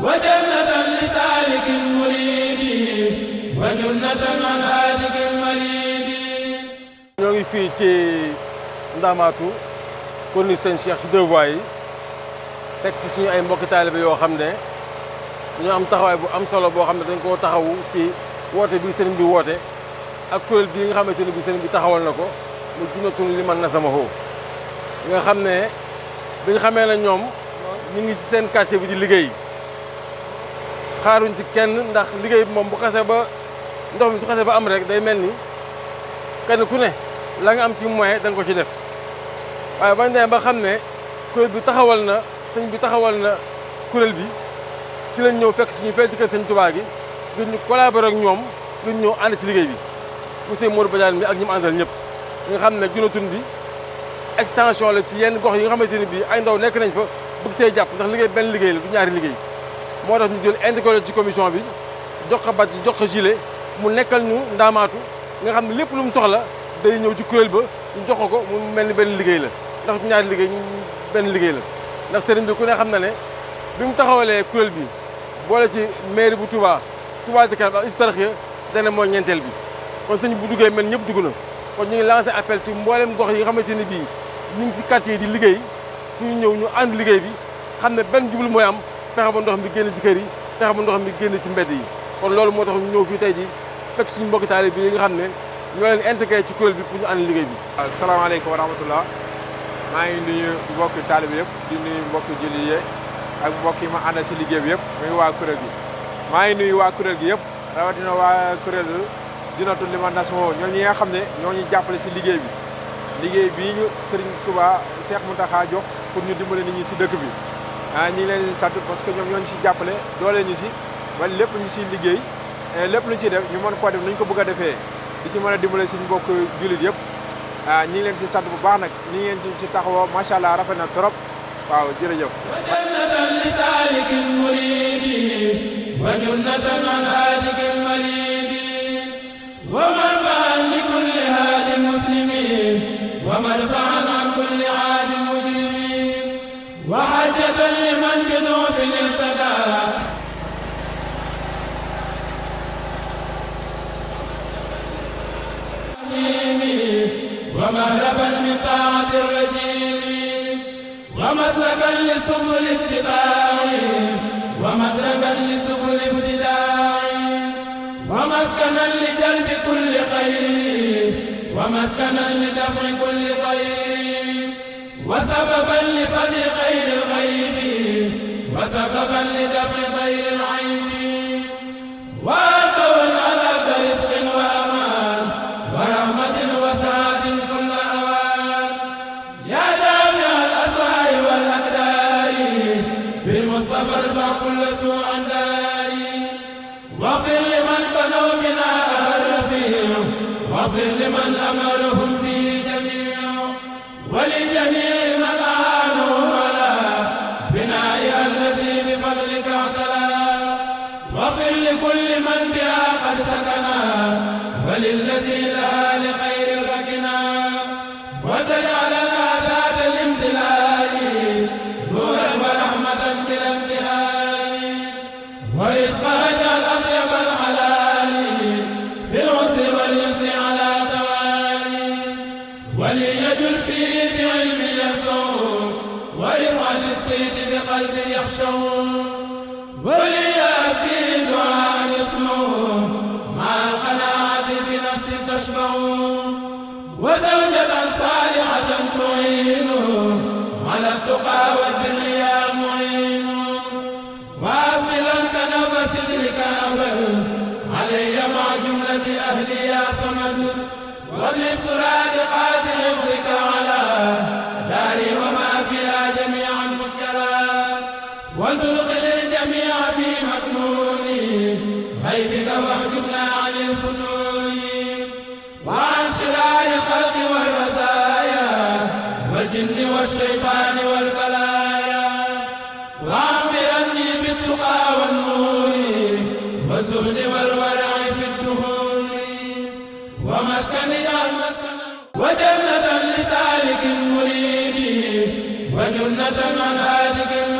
wa jannatan li saalikin muridi wa jannatan ñoo ngi fii ci Ndamaatu koni sëñ Cheikh ci deux voies yi fekk fi suñu ay mbokki taalibe yoo xam ne ñoo am taxawaay bu am solo boo xam ne dañ koo taxawu ci woote bi sëriñ bi woote ak kuréel bii nga xamante ne bi sëriñ bi taxawal na ko mu junatun li man na sama xoo nga xam ne biñ xamee ne ñoom ñu ngi ci seen quartier bi di liggéey xaaruñ ci kenn ndax liggéey bi moom bu xasee ba ndox mi su xasee ba am rek day mel ni kenn ku ne la nga am ci moyen danga ko ci def waaye bañ demee ba xam ne kuréel bi taxawal na sëñ bi taxawal na kuréel bi ci lañ ñëw fekk suñu fee ci kër sëñ Tuubaa gi ngir ñu collaborer ak ñoom ngir ñëw ànd ci liggéey bi monsieur Modou Badiane mi ak ñi mu àndal ñëpp nga xam ne Junatun bi extension la ci yenn gox yi nga xamante ne bii ay ndaw nekk nañ fa bëgg tey jàpp ndax liggéey benn liggéey la du ñaari liggéey moo tax ñu jël intégré ci commission bi jox ko bàcc jox ko gilet mu nekkal ñu ndaamaatu nga xam ne lépp lu mu soxla day ñëw ci kuréel ba ñu jox ko mu mel ni benn liggéey la ndax ñaari liggéey benn liggéey la ndax sëriñ bi ku ne xam na ne bi mu taxawalee kuréel bi boole ci mairie bu Touba Touba ci kanam ak istarax ya dana mooy ñeenteel bi kon sëñ bu duggee mel ñëpp dugg na kon ñu ngi lancé appel ci mboolem gox yi nga xamante ni bii ñu ngi ci quartier di liggéey ñu ñëw ñu ànd liggéey bi xam ne benn jublu mooy am fexe ba ndox mi génn ci kër yi fexe ba ndox mi génn ci mbedd yi kon loolu moo tax ñu ñëw fii tey ji fekk suñu mbokki taalibe bi yi nga xam ne ñoo leen intégré ci kuréel bi pour ñu ànd liggéey bi waaw maa ngi nuyu mbokki taalibe yëpp di nuyu mbokki jullit ak mbokk yi ma àndal si liggéey bi yëpp muy waa kuréel gi maa ngi nuyu waa kuréel gi yëpp rawatina waa kuréel Junatun Liman Nasmoo ñoom ñi nga xam ne ñoo ñu jàppale si liggéey bi liggéey bii ñu Serigne Touba Cheikh Mountakha jox pour ñu dimbale nit ñi si dëkk bi ah ñu ngi leen di parce que ñoom ñoo ñu si jàppale doole ñu si wala lépp ñu siy liggéey eh, lépp lu ñu def ñu mën koo def nu ñu ko bëgg a defee di si mën a dimbale suñu mbokk jullit yëpp ah ñu ngi leen si sant bu baax nag ñu ngi leen si taxawoo macha allah rafet na trop waaw jërëjëf. ومرفعا لكل هاد مسلمين ومرفعا عن كل عاد مجرم وحجة لمن بنوف ارتدى ومهربا من طاعة الرجيم ومسلكا لسبل اتباع ومدركا لسبل ابتداع ومسكنا لجلب كل خير ومسكنا لدفع كل خير وسببا لفن خير الغيب وسببا لدفع غير العيب وكون على برزق وامان ورحمة وسعة كل اوان يا دافع الاسماء والاقدار بالمصطفى ارفع كل سوء داري واغفر لمن بنوا بنا الرفيع واغفر لمن امرهم لمن بها قد سكنا وللذي لها لخير ركنا وتجعلنا ذات الامتلاء نورا ورحمة بلا انتهاء ورزقا اجعل أطيب الحلال في العسر واليسر على توالي وليجل فيه بعلم يفهم ورفعة الصيد بقلب يخشون وليا فيه تشبع وزوجة صالحة تعين على التقى والبر يا معين وأزملا كنف سدرك أول علي مع جملة أهلي يا صمد واضرب سرادقات حفظك على داري وما فيها جميعا مسكرا وانطلق للجميع في مكنوني غيبك واحجبنا عن الفتون الشيطان والبلايا وعمرني بالتقى والنور والزهد والورع في الدهور ومسكني المسكن وجنة لسالك مريد وجنة عن هادك